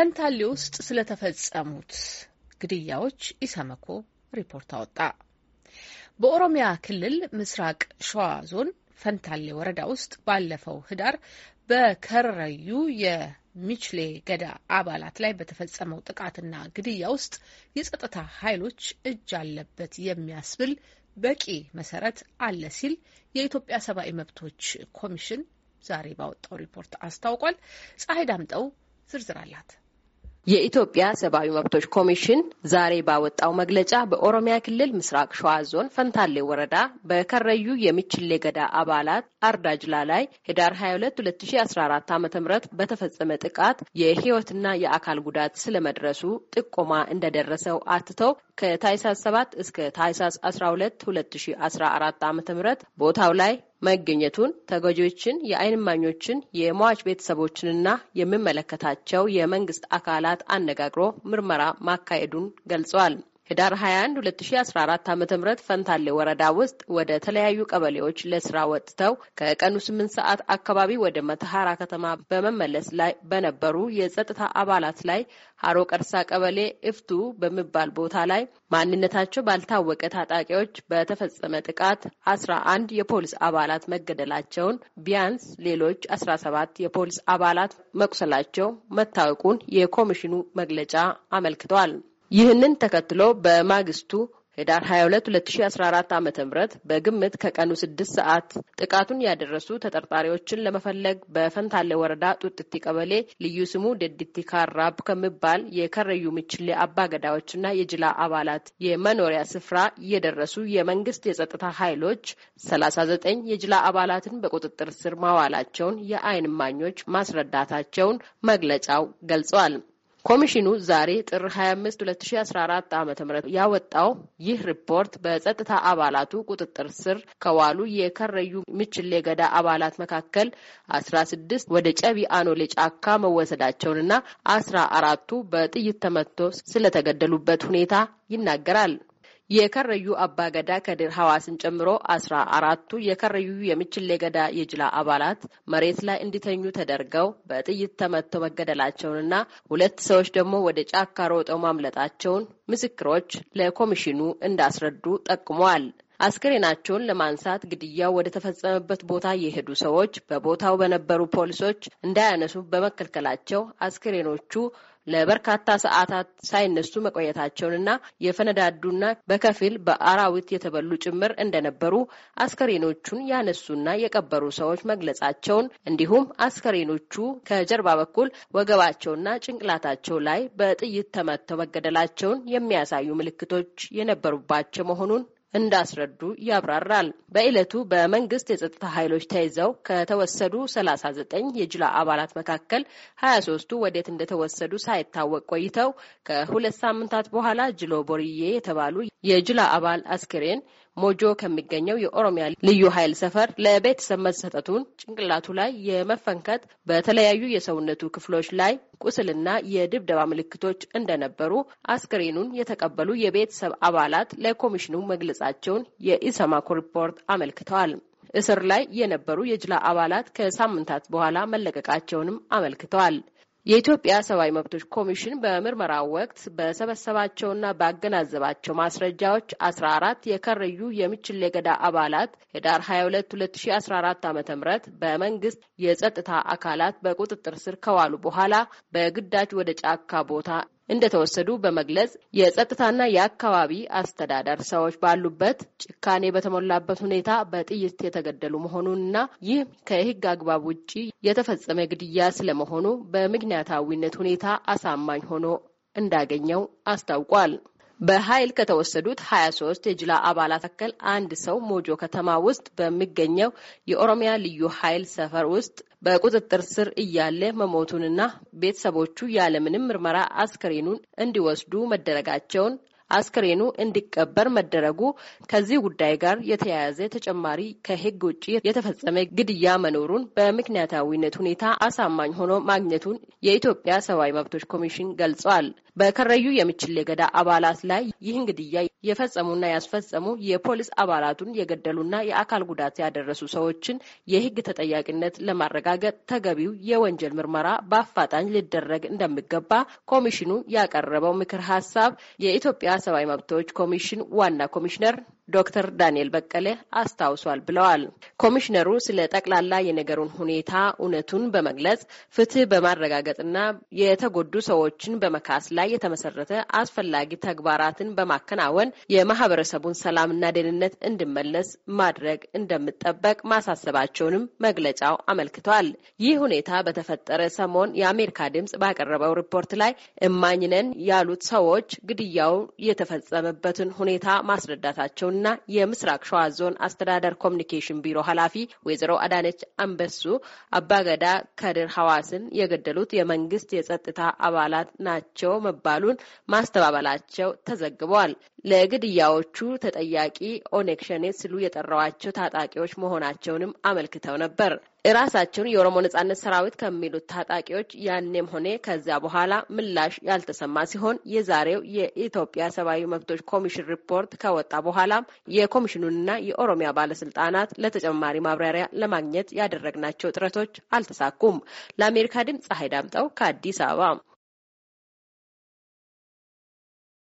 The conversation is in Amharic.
ፈንታሌ ውስጥ ስለተፈጸሙት ግድያዎች ኢሰመኮ ሪፖርት አወጣ። በኦሮሚያ ክልል ምስራቅ ሸዋ ዞን ፈንታሌ ወረዳ ውስጥ ባለፈው ህዳር በከረዩ የሚችሌ ገዳ አባላት ላይ በተፈጸመው ጥቃትና ግድያ ውስጥ የጸጥታ ኃይሎች እጅ አለበት የሚያስብል በቂ መሰረት አለ ሲል የኢትዮጵያ ሰብአዊ መብቶች ኮሚሽን ዛሬ ባወጣው ሪፖርት አስታውቋል። ፀሐይ ዳምጠው ዝርዝር አላት። የኢትዮጵያ ሰብአዊ መብቶች ኮሚሽን ዛሬ ባወጣው መግለጫ በኦሮሚያ ክልል ምስራቅ ሸዋ ዞን ፈንታሌ ወረዳ በከረዩ የሚችሌ ገዳ አባላት አርዳጅላ ላይ ህዳር 22 2014 ዓ ም በተፈጸመ ጥቃት የህይወትና የአካል ጉዳት ስለመድረሱ ጥቆማ እንደደረሰው አትተው ከታይሳስ 7 እስከ ታይሳስ 12 2014 ዓ ም ቦታው ላይ መገኘቱን ተጎጂዎችን፣ የአይን ማኞችን፣ የሟች ቤተሰቦችንና የሚመለከታቸው የመንግስት አካላት አነጋግሮ ምርመራ ማካሄዱን ገልጸዋል። ህዳር 21 2014 ዓ ም ፈንታሌ ወረዳ ውስጥ ወደ ተለያዩ ቀበሌዎች ለስራ ወጥተው ከቀኑ 8 ሰዓት አካባቢ ወደ መተሐራ ከተማ በመመለስ ላይ በነበሩ የጸጥታ አባላት ላይ ሀሮ ቀርሳ ቀበሌ እፍቱ በሚባል ቦታ ላይ ማንነታቸው ባልታወቀ ታጣቂዎች በተፈጸመ ጥቃት 11 የፖሊስ አባላት መገደላቸውን ቢያንስ ሌሎች 17 የፖሊስ አባላት መቁሰላቸው መታወቁን የኮሚሽኑ መግለጫ አመልክቷል። ይህንን ተከትሎ በማግስቱ ህዳር 22 2014 ዓ ም በግምት ከቀኑ 6 ሰዓት ጥቃቱን ያደረሱ ተጠርጣሪዎችን ለመፈለግ በፈንታሌ ወረዳ ጡጥቲ ቀበሌ ልዩ ስሙ ደድቲ ካራብ ከሚባል የከረዩ ምችሌ አባገዳዎችና የጅላ አባላት የመኖሪያ ስፍራ የደረሱ የመንግስት የጸጥታ ኃይሎች 39 የጅላ አባላትን በቁጥጥር ስር ማዋላቸውን የአይን ማኞች ማስረዳታቸውን መግለጫው ገልጸዋል። ኮሚሽኑ ዛሬ ጥር 25 2014 ዓ ም ያወጣው ይህ ሪፖርት በጸጥታ አባላቱ ቁጥጥር ስር ከዋሉ የከረዩ ምችሌ ገዳ አባላት መካከል 16 ወደ ጨቢ አኖሌ ጫካ መወሰዳቸውንና አስራ አራቱ በጥይት ተመቶ ስለተገደሉበት ሁኔታ ይናገራል። የከረዩ አባ ገዳ ከድር ሐዋስን ጨምሮ አስራ አራቱ የከረዩ የምችሌ ገዳ የጅላ አባላት መሬት ላይ እንዲተኙ ተደርገው በጥይት ተመተው መገደላቸውንና ሁለት ሰዎች ደግሞ ወደ ጫካ ሮጠው ማምለጣቸውን ምስክሮች ለኮሚሽኑ እንዳስረዱ ጠቅመዋል። አስክሬናቸውን ለማንሳት ግድያው ወደ ተፈጸመበት ቦታ የሄዱ ሰዎች በቦታው በነበሩ ፖሊሶች እንዳያነሱ በመከልከላቸው አስክሬኖቹ ለበርካታ ሰዓታት ሳይነሱ መቆየታቸውንና የፈነዳዱና በከፊል በአራዊት የተበሉ ጭምር እንደነበሩ አስከሬኖቹን ያነሱና የቀበሩ ሰዎች መግለጻቸውን እንዲሁም አስከሬኖቹ ከጀርባ በኩል ወገባቸውና ጭንቅላታቸው ላይ በጥይት ተመተው መገደላቸውን የሚያሳዩ ምልክቶች የነበሩባቸው መሆኑን እንዳስረዱ ያብራራል። በዕለቱ በመንግስት የጸጥታ ኃይሎች ተይዘው ከተወሰዱ 39 የጅላ አባላት መካከል 23ቱ ወዴት እንደተወሰዱ ሳይታወቅ ቆይተው ከሁለት ሳምንታት በኋላ ጅሎ ቦርዬ የተባሉ የጅላ አባል አስክሬን ሞጆ ከሚገኘው የኦሮሚያ ልዩ ኃይል ሰፈር ለቤተሰብ መሰጠቱን ጭንቅላቱ ላይ የመፈንከት በተለያዩ የሰውነቱ ክፍሎች ላይ ቁስልና የድብደባ ምልክቶች እንደነበሩ አስክሬኑን የተቀበሉ የቤተሰብ አባላት ለኮሚሽኑ መግለጻቸውን የኢሰማኮ ሪፖርት አመልክተዋል። እስር ላይ የነበሩ የጅላ አባላት ከሳምንታት በኋላ መለቀቃቸውንም አመልክተዋል። የኢትዮጵያ ሰብአዊ መብቶች ኮሚሽን በምርመራ ወቅት በሰበሰባቸውና ባገናዘባቸው ማስረጃዎች አስራ አራት የከረዩ የሚችሌ ገዳ አባላት ህዳር ሀያ ሁለት ሁለት ሺ አስራ አራት ዓመተ ምህረት በመንግስት የጸጥታ አካላት በቁጥጥር ስር ከዋሉ በኋላ በግዳጅ ወደ ጫካ ቦታ እንደተወሰዱ በመግለጽ የጸጥታና የአካባቢ አስተዳደር ሰዎች ባሉበት ጭካኔ በተሞላበት ሁኔታ በጥይት የተገደሉ መሆኑንና ይህ ከሕግ አግባብ ውጪ የተፈጸመ ግድያ ስለመሆኑ በምክንያታዊነት ሁኔታ አሳማኝ ሆኖ እንዳገኘው አስታውቋል። በኃይል ከተወሰዱት 23 የጅላ አባላት መካከል አንድ ሰው ሞጆ ከተማ ውስጥ በሚገኘው የኦሮሚያ ልዩ ኃይል ሰፈር ውስጥ በቁጥጥር ስር እያለ መሞቱንና ቤተሰቦቹ ያለምንም ምርመራ አስክሬኑን እንዲወስዱ መደረጋቸውን አስክሬኑ እንዲቀበር መደረጉ ከዚህ ጉዳይ ጋር የተያያዘ ተጨማሪ ከሕግ ውጭ የተፈጸመ ግድያ መኖሩን በምክንያታዊነት ሁኔታ አሳማኝ ሆኖ ማግኘቱን የኢትዮጵያ ሰብአዊ መብቶች ኮሚሽን ገልጿል። በከረዩ የምችል ገዳ አባላት ላይ ይህን ግድያ የፈጸሙና ያስፈጸሙ የፖሊስ አባላቱን የገደሉና የአካል ጉዳት ያደረሱ ሰዎችን የሕግ ተጠያቂነት ለማረጋገጥ ተገቢው የወንጀል ምርመራ በአፋጣኝ ሊደረግ እንደሚገባ ኮሚሽኑ ያቀረበው ምክር ሀሳብ የኢትዮጵያ ሰብአዊ መብቶች ኮሚሽን ዋና ኮሚሽነር ዶክተር ዳንኤል በቀለ አስታውሷል ብለዋል። ኮሚሽነሩ ስለ ጠቅላላ የነገሩን ሁኔታ እውነቱን በመግለጽ ፍትህ በማረጋገጥና የተጎዱ ሰዎችን በመካስ ላይ የተመሰረተ አስፈላጊ ተግባራትን በማከናወን የማህበረሰቡን ሰላምና ደህንነት እንዲመለስ ማድረግ እንደሚጠበቅ ማሳሰባቸውንም መግለጫው አመልክቷል። ይህ ሁኔታ በተፈጠረ ሰሞን የአሜሪካ ድምጽ ባቀረበው ሪፖርት ላይ እማኝነን ያሉት ሰዎች ግድያው የተፈጸመበትን ሁኔታ ማስረዳታቸውን እና የምስራቅ ሸዋ ዞን አስተዳደር ኮሚኒኬሽን ቢሮ ኃላፊ ወይዘሮ አዳነች አንበሱ አባገዳ ከድር ሐዋስን የገደሉት የመንግስት የጸጥታ አባላት ናቸው መባሉን ማስተባበላቸው ተዘግበዋል። ለግድያዎቹ ተጠያቂ ኦነግ ሲሉ የጠራዋቸው ታጣቂዎች መሆናቸውንም አመልክተው ነበር። እራሳቸውን የኦሮሞ ነጻነት ሰራዊት ከሚሉት ታጣቂዎች ያኔም ሆነ ከዚያ በኋላ ምላሽ ያልተሰማ ሲሆን የዛሬው የኢትዮጵያ ሰብአዊ መብቶች ኮሚሽን ሪፖርት ከወጣ በኋላም የኮሚሽኑንና የኦሮሚያ ባለስልጣናት ለተጨማሪ ማብራሪያ ለማግኘት ያደረግናቸው ጥረቶች አልተሳኩም። ለአሜሪካ ድምፅ ፀሐይ ዳምጠው ከአዲስ አበባ